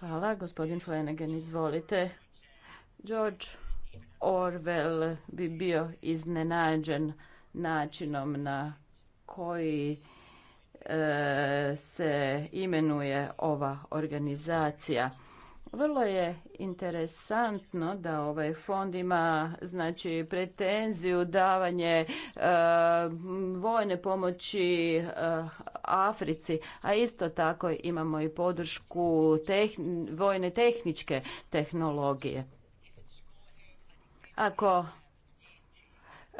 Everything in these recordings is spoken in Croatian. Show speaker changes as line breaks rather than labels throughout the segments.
Hvala. Gospodin Flanagan, izvolite. George Orwell bi bio iznenađen načinom na koji e, se imenuje ova organizacija vrlo je interesantno da ovaj fond ima znači pretenziju davanje e, vojne pomoći e, Africi, a isto tako imamo i podršku vojne tehničke tehnologije. Ako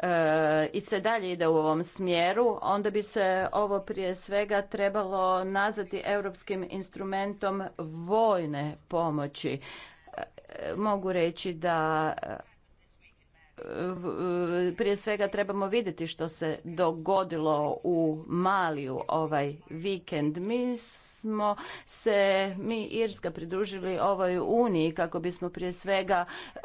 E, i se dalje ide u ovom smjeru, onda bi se ovo prije svega trebalo nazvati europskim instrumentom vojne pomoći. E, mogu reći da prije svega trebamo vidjeti što se dogodilo u Maliju ovaj vikend. Mi smo se, mi Irska pridružili ovoj uniji kako bismo prije svega e,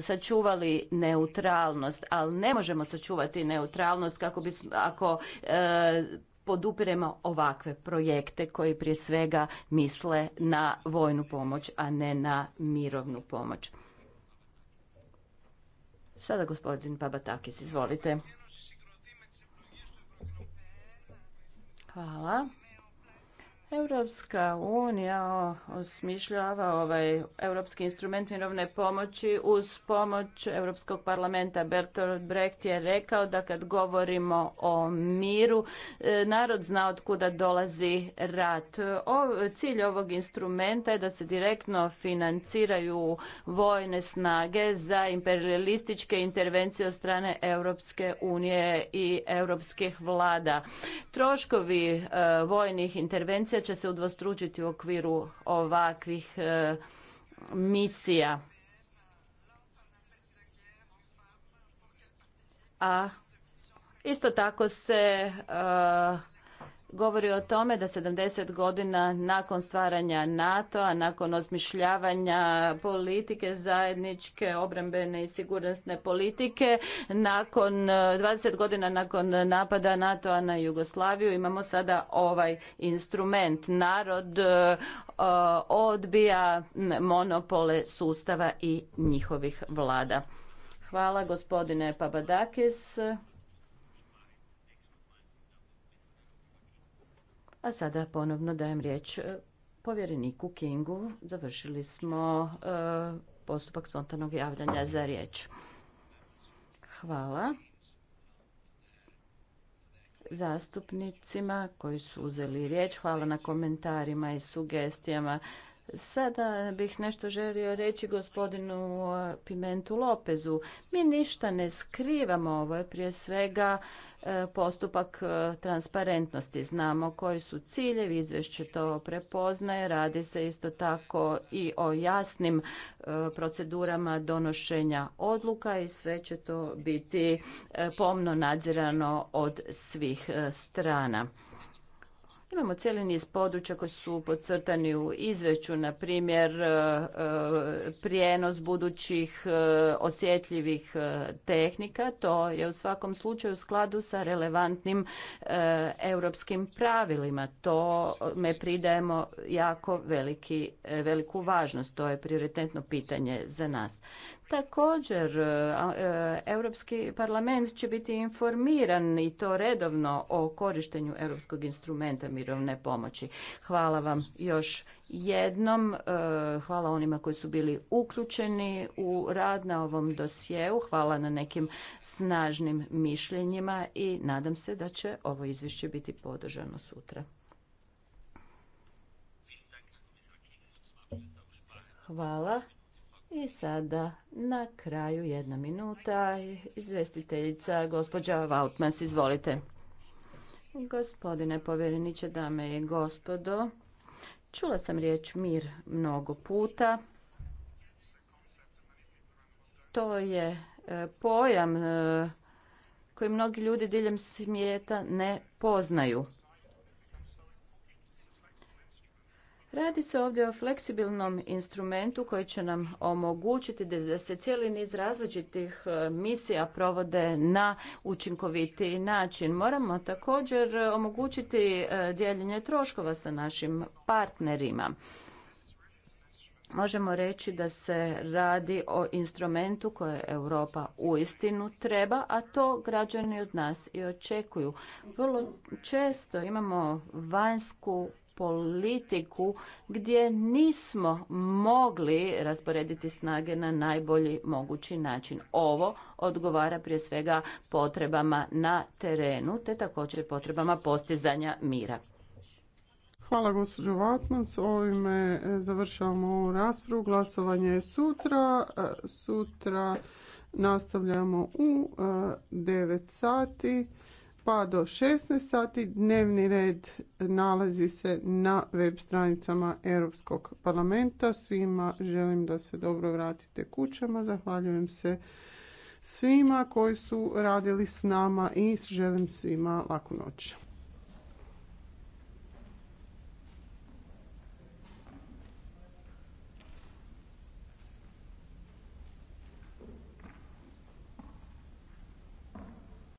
sačuvali neutralnost, ali ne možemo sačuvati neutralnost kako bismo, ako e, podupiremo ovakve projekte koji prije svega misle na vojnu pomoć, a ne na mirovnu pomoć. Sada gospodin Pabatakis, izvolite. Hvala. Europska unija osmišljava ovaj europski instrument mirovne pomoći uz pomoć Europskog parlamenta. Bertolt Brecht je rekao da kad govorimo o miru, e, narod zna od kuda dolazi rat. Cilj ovog instrumenta je da se direktno financiraju vojne snage za imperialističke intervencije od strane Europske unije i europskih vlada. Troškovi e, vojnih intervencija će se udvostručiti u okviru ovakvih e, misija. A isto tako se e, govori o tome da 70 godina nakon stvaranja NATO-a, nakon osmišljavanja politike zajedničke, obrambene i sigurnosne politike, nakon 20 e, godina nakon napada NATO-a na Jugoslaviju imamo sada ovaj instrument. Narod e, e, odbija monopole sustava i njihovih vlada. Hvala gospodine Pabadakis. A sada ponovno dajem riječ e, povjereniku Kingu. Završili smo e, postupak spontanog javljanja za riječ. Hvala zastupnicima koji su uzeli riječ. Hvala na komentarima i sugestijama. Sada bih nešto želio reći gospodinu e, Pimentu Lopezu. Mi ništa ne skrivamo, ovo je prije svega e, postupak e, transparentnosti. Znamo koji su ciljevi, izvješće to prepoznaje, radi se isto tako i o jasnim procedurama donošenja odluka i sve će to biti pomno nadzirano od svih strana. Imamo cijeli niz područja koji su podcrtani u izveću, na primjer e, e, prijenos budućih e, osjetljivih tehnika. To je u svakom slučaju u skladu sa relevantnim europskim pravilima. To me pridajemo jako veliki, veliku važnost. To je prioritetno pitanje za nas. Također, Europski parlament će biti informiran i to redovno o korištenju Europskog instrumenta mirovne pomoći. Hvala vam još jednom. E, hvala onima koji su bili uključeni u rad na ovom dosjeu. Hvala na nekim snažnim mišljenjima i nadam se da će ovo izvješće biti podržano sutra. Hvala. I sada na kraju jedna minuta. Izvestiteljica gospođa Vautmans, izvolite. Gospodine povjereniče, dame i gospodo, čula sam riječ mir mnogo puta. To je e, pojam e, koji mnogi ljudi diljem svijeta ne poznaju. Radi se ovdje o fleksibilnom instrumentu koji će nam omogućiti da se cijeli niz različitih e, misija provode na učinkoviti način. Moramo također omogućiti e, dijeljenje troškova sa našim partnerima. Možemo reći da se radi o instrumentu koje Europa uistinu treba, a to građani od nas i očekuju. Vrlo često imamo vanjsku politiku gdje nismo mogli rasporediti snage na najbolji mogući način. Ovo odgovara prije svega potrebama na terenu te također potrebama postizanja mira. Hvala gospođo Vatnac. Ovime e, završavamo ovu raspravu. Glasovanje je sutra. E, sutra nastavljamo u 9 e, sati pa do 16 sati. Dnevni red nalazi se na web stranicama Europskog parlamenta. Svima želim da se dobro vratite kućama. Zahvaljujem se svima koji su radili s nama i želim svima laku noć.